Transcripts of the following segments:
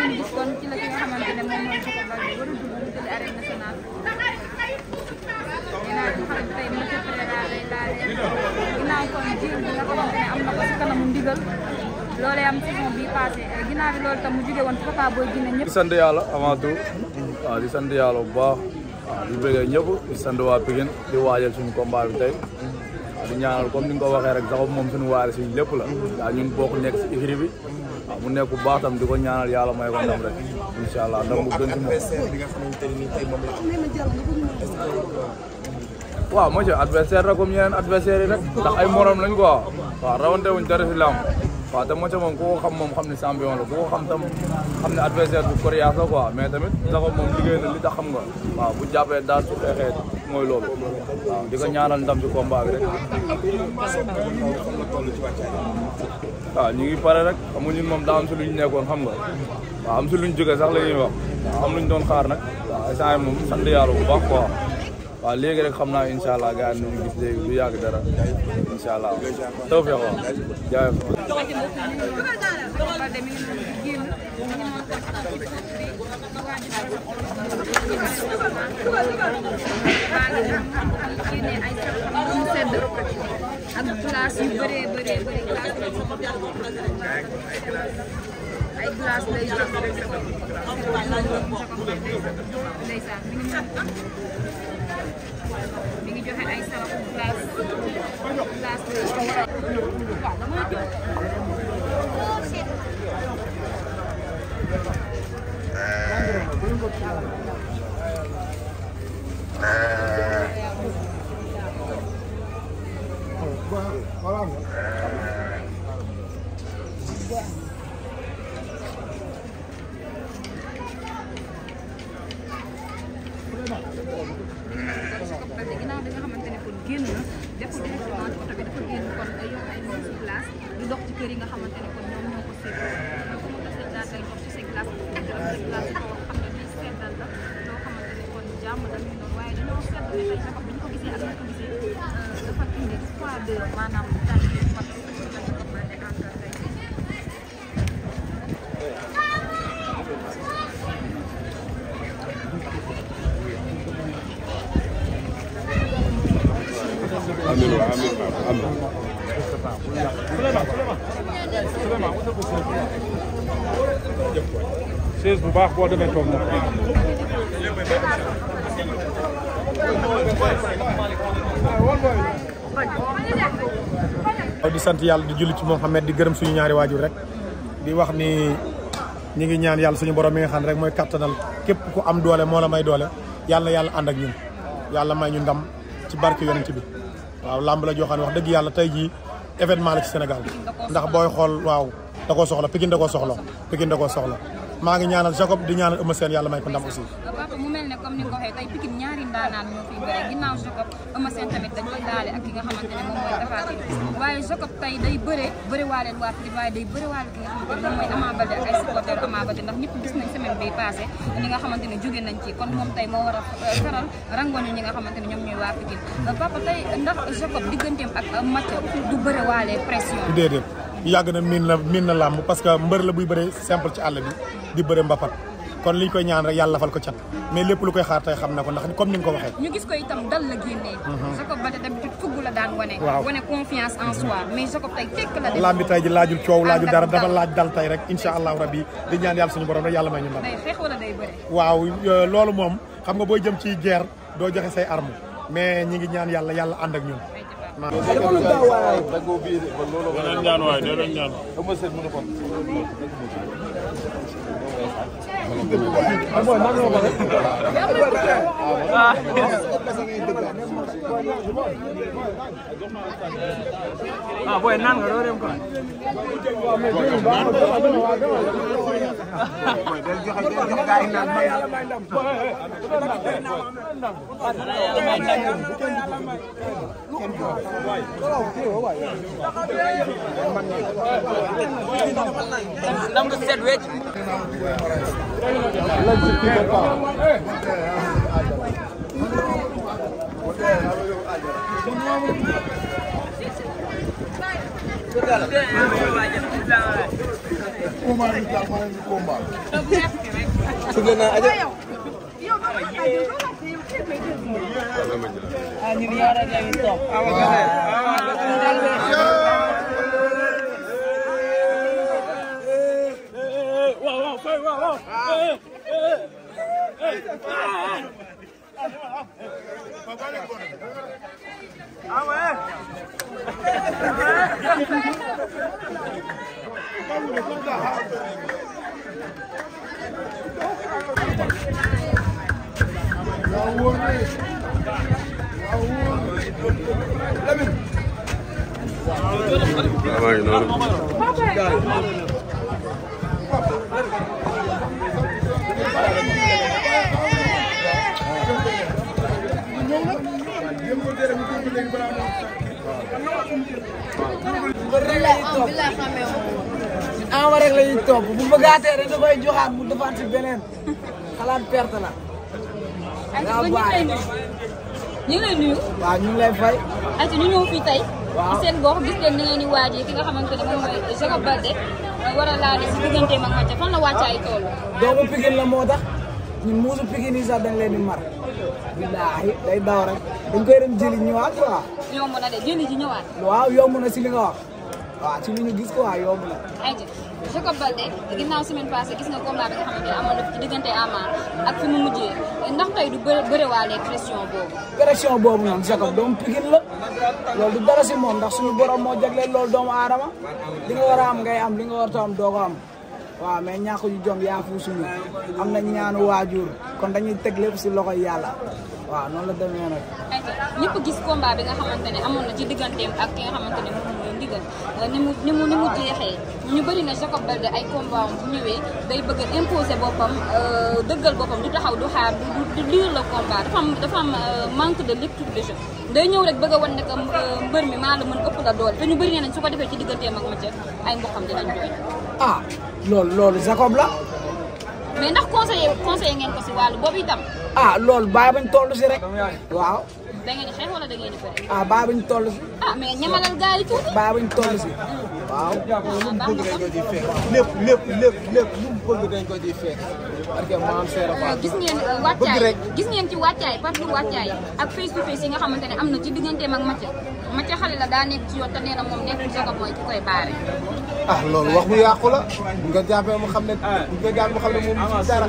ñun bi kon ci la ki nga xamante ne moom mooy Coka Baldé war a dugg mu ñëpp di sant yàlla bu baax waaw di bëggee ñëpp di sant waa Pikine di waajal suñu combat bi tey di ñaanal comme ni nga ko waxee rek sax moom suñu waare si lépp la daa ñun bokk nekk i écurie bi mu nekk bu baax tam di ko ñaanal yàlla may ko ndam rek incha allah ndam bu gën ci moom. waaw monsieur adversaire la comme adversaire yi rek ay morom lañ ko waaw rawante wuñ dara si lamb waaw te Macha moom ku ko xam moom xam ne champion la ku ko xam tam xam ne adversaire bu coriace la quoi mais tamit dafa moom liggéey li tax xam nga waaw bu jàppee daal su xeexee mooy loolu waaw ko ñaanal ndam ci combat bi rek. waaw ñu ngi pare rek xam nga moom daa am si ñu nekkoon xam nga waaw am si luñ jógee sax la ñuy wax am luñ doon xaar nag waaw instant moom sant yàlla bu baax quoi. waaw léegi rek xam naa incha allah gars yi nañu gis léegi du yàgg dara incha allah taw feex waaw jaay ak place yu bëree bëree bëri ay glace lay jël ndeysaan mi ngi mi ngi joxe ay sarax glace glace lay jël parce que parce que ginnaaw bi nga xamante ne kon génn na deful directement ci oto bi dafa génn kon ay yokk ay mbiru glace di dox ci kër yi nga xamante ne kon ñoom ñoo ko séddoo donc mu des daal day dox ci seen glace bu fekk rek seen glace boo xam ne bii seddal la loo xamante ne kon jàmm dañuy doon waaye dañoo seetlu ne tey dafa bu ñu ko gisee ak ñu ko gisee dafa indi trois deux maanaam chaise bu baax boo demee toog na. waaw di sant yàlla di julli ci Mouhamed di gërëm suñu ñaari waajur rek di wax ni ñi ngi ñaan yàlla suñu borom mi nga xam rek mooy kattanal képp ku am doole moo la may doole yàlla yàlla ànd ak ñun yàlla may ñu ndam ci barke yonent bi waaw làmb la joo wax dëgg yàlla tey jii. événement la ci Sénégal ndax booy xool waaw da koo soxla Pikine da koo soxla Pikine da koo soxla maa ngi ñaanal Jacob di ñaanal Eumeu Sène yàlla may ko ndam aussi. papa tey ndax ci kon moom a euh, euh, Jacob digganteem ak Mathieu du bëre waale pression déedéet yàgg na miin na miin na làmb parce que mbër la buy bëree simple ci àll bi di bëre mbapat kon li ñu koy ñaan rek yàlla fal ko cat mais lépp lu koy xaar tey xam na ko ndax comme ni nga ko waxee. ñu gis mhm. waaw wane confiance en soi mhm. mais Jacob tey tekk laajul coow laajul dara dafa laaj dal tey rek incha allahu rabi di ñaan yàlla suñu borom rek yàlla may ñu ndam. waaw euh, loolu moom xam nga boo jëm ci guerre doo joxe say arme mais ñi ngi ñaan yàlla yàlla ànd ak ñun maa ngi leen di daaw waay. danañ ñaan waay danañ ñaan. ah booy naan nga doo dem quoi. ndam du set wecc Kumar, kumar, kumar. Sudah nak aja. ñun yaa rek la ñu topp. waaw waaw waaw. maa ngi noonu. ama rek la topp bu bëggaatee rek da koy joxaat mu defaat beneen xalaat perte la. nga baale lay nuyu. waaw ñu lay fay. ayca ci seen gox gis leen ni ngeen di waajee ki nga xamante ne moom mooy Jacob Baldé war a laale si digganteem ak Mathia fan la wàccaay tool doomu Pikine la moo tax ñun muusu Pikine yi sax dañ leen di mar billaahi day daw rek dañ koy dem jëli ñëwaat na ji ñëwaat waaw yomb na si li nga wax waaw ci li ñu gis quoi yomb na ayca Jacob Baldé ginnaaw semaine passée gis nga combat bi nga xamante ne amoon na ci diggante Ama ak fi mu mujjee ndax tey du bë bëriwaale pression boobu. pression boobu nag Jacob doomu Pikine la loolu dara si moom ndax suñu borom moo jagleel loolu doomu adama li nga war a am ngay am li nga war a am doo ko am waaw mais ñàkk ju jom yaa fu suñu am nañ ñaanu waajur kon dañuy teg lépp si loxo yàlla waaw noonu la demee nag. ñëpp gis combat bi nga xamante amoon na ci digganteem ak ki nga xamante ne moom digal euh, ni mu ni mu ni mu jeexee ñu bëri na Jacob Baldé ay combat bu ñëwee day bëgg a imposer boppam euh, dëggal boppam du taxaw du xaar du lire le combat dafa am dafa euh, manque de lecture de jeu day ñëw rek bëgg a wan ne que mbër mi maa la mën ëpp la doole te ñu bëri nañ su ko defee ci digganteem ak Mathieu ay mboqam dinañ jooy. ah loolu loolu Jacob la. mais ndax conseiller conseiller ngeen ko si wàllu boobu itam. ah loolu bàyyi bañ toll si rek waaw. da ngeen di xeex wala da ngeen di bëri. ah baa buñ toll si. ah mais ñamalal gars yi tuuti. baa buñ toll si. waaw lu mu bëgg dañ ko ciy fekk lépp lépp lépp lépp lu mu bëgg dañ ko ciy fekk. parce que maam seera fa gis ngeen wàccaay gis ngeen ci wàccaay parce que wàccaay ak face to face yi nga xamante ne am na ci digganteem ak Mathia Mathia xale la daa nekk ci yoon te nee na moom nekkul sa mooy ku koy baare. ah loolu wax mu yàqu la bu nga jàppee mu xam ne bu nga jàppee mu xam ne moom ci dara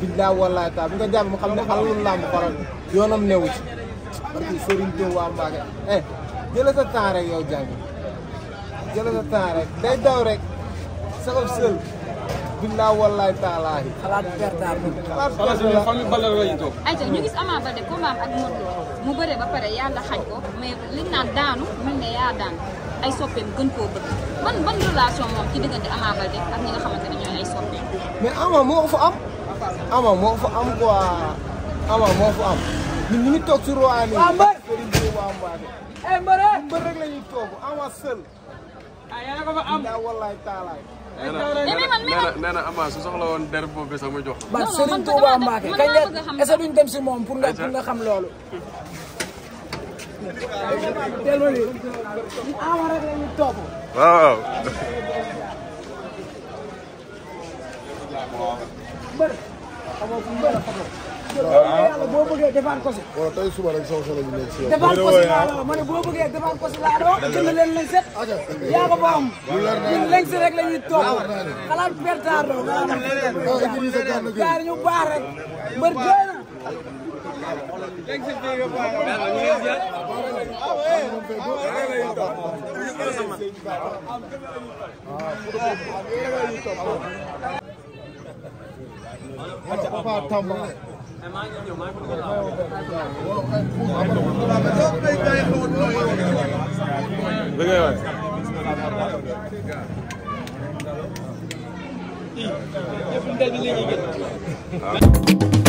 billaay wallaay taal bu nga jàppee mu xam ne alalul làmb faral yoonam newu ci barki Serigne Touba Mbacke eh jëla sa temps rek yow jàng jëla sa temps rek day daw rek sabab sël billaay wallaay taalaay. xalaat pertaal la ñu toog. ayca ñu gis Ama Baldé ak mu bëre ba pare yàlla xaj ko mais liñ naan daanu mel ne yaa daan ay soppeem gën koo bëgg ban ban relation moom ci diggante Ama Baldé ak nga xamante ne ñooy ay soppeem. mais Ama moo fa am. Ama moo fa am quoi Ama moo fa am. ñun ñu ngi toog si rois yi. waa Mbër Serigne Gueye waa Mbacke. eh Mbër rek Mbër rek la ñuy toog Ama Seul. ah yaa ko fa am daa wallaay taalaay. nee na nee na Ama su soxla woon der boobu sax ma jox ko. ba Serigne Touba Mbacke kañ la est-ce que duñ dem si moom pour nga pour nga xam loolu. delloo lii Ama rek la ñuy toog. waaw. Mbër. xamoo fu Mbër a xamoo. yàlla boo bëggee defaan ko si. waaw tey suba rek sama soxla ñu nekk si yow. defaan ko si laa la ma ne boo bëggee defaan ko si laa la wax jënd leen lañ set. yaa ko ba am. ñun lañ si rek la ñuy toog xalaat pertaar doo nga xam gaar ñu baax rek mbër jooy na. waaw. dëgg waay. yëpp ndel bi léegi